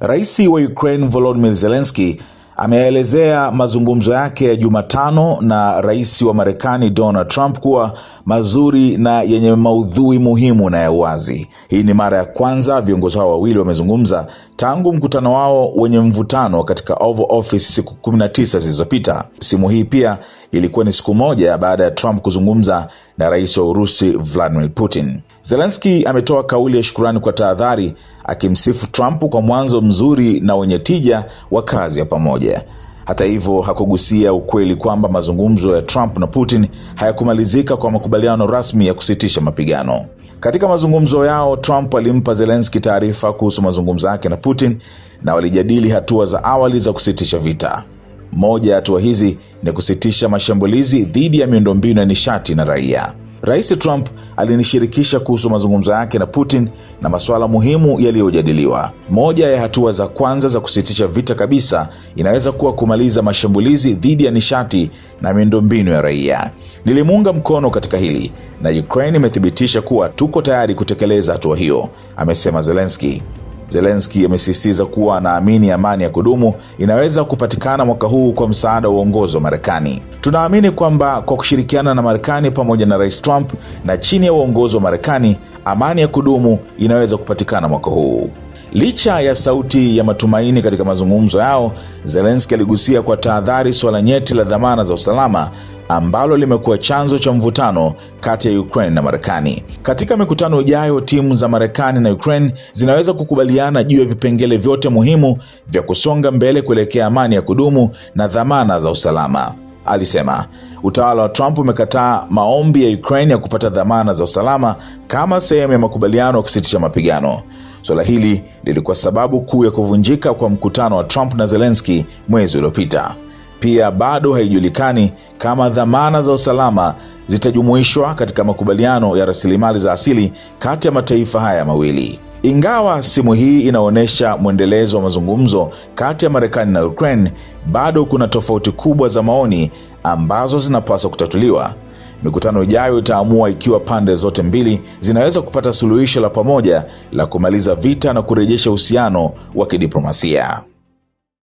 Rais wa Ukraine Volodymyr Zelensky ameelezea mazungumzo yake ya Jumatano na rais wa Marekani Donald Trump kuwa mazuri na yenye maudhui muhimu na ya uwazi. Hii ni mara ya kwanza viongozi hao wawili wamezungumza tangu mkutano wao wenye mvutano katika Oval Office siku 19 zilizopita. Simu hii pia ilikuwa ni siku moja baada ya Trump kuzungumza na rais wa Urusi Vladimir Putin. Zelenski ametoa kauli ya shukurani kwa tahadhari, akimsifu Trump kwa mwanzo mzuri na wenye tija wa kazi ya pamoja. Hata hivyo hakugusia ukweli kwamba mazungumzo ya Trump na Putin hayakumalizika kwa makubaliano rasmi ya kusitisha mapigano. Katika mazungumzo yao, Trump alimpa Zelenski taarifa kuhusu mazungumzo yake na Putin na walijadili hatua za awali za kusitisha vita. Moja ya hatua hizi ni kusitisha mashambulizi dhidi ya miundombinu ya nishati na raia. Rais Trump alinishirikisha kuhusu mazungumzo yake na Putin na masuala muhimu yaliyojadiliwa. Moja ya hatua za kwanza za kusitisha vita kabisa inaweza kuwa kumaliza mashambulizi dhidi ya nishati na miundombinu ya raia. Nilimuunga mkono katika hili na Ukraine imethibitisha kuwa tuko tayari kutekeleza hatua hiyo, amesema Zelensky zelenski amesisitiza kuwa anaamini amani ya kudumu inaweza kupatikana mwaka huu kwa msaada wa uongozi wa Marekani. Tunaamini kwamba kwa kushirikiana na Marekani pamoja na Rais Trump na chini ya uongozi wa Marekani, amani ya kudumu inaweza kupatikana mwaka huu. Licha ya sauti ya matumaini katika mazungumzo yao, zelenski aligusia kwa tahadhari suala nyeti la dhamana za usalama ambalo limekuwa chanzo cha mvutano kati ya Ukraine na Marekani. Katika mikutano ijayo, timu za Marekani na Ukraine zinaweza kukubaliana juu ya vipengele vyote muhimu vya kusonga mbele kuelekea amani ya kudumu na dhamana za usalama. Alisema utawala wa Trump umekataa maombi ya Ukraine ya kupata dhamana za usalama kama sehemu ya makubaliano ya kusitisha mapigano. Suala hili lilikuwa sababu kuu ya kuvunjika kwa mkutano wa Trump na Zelensky mwezi uliopita pia bado haijulikani kama dhamana za usalama zitajumuishwa katika makubaliano ya rasilimali za asili kati ya mataifa haya mawili. Ingawa simu hii inaonyesha mwendelezo wa mazungumzo kati ya Marekani na Ukraine, bado kuna tofauti kubwa za maoni ambazo zinapaswa kutatuliwa. Mikutano ijayo itaamua ikiwa pande zote mbili zinaweza kupata suluhisho la pamoja la kumaliza vita na kurejesha uhusiano wa kidiplomasia.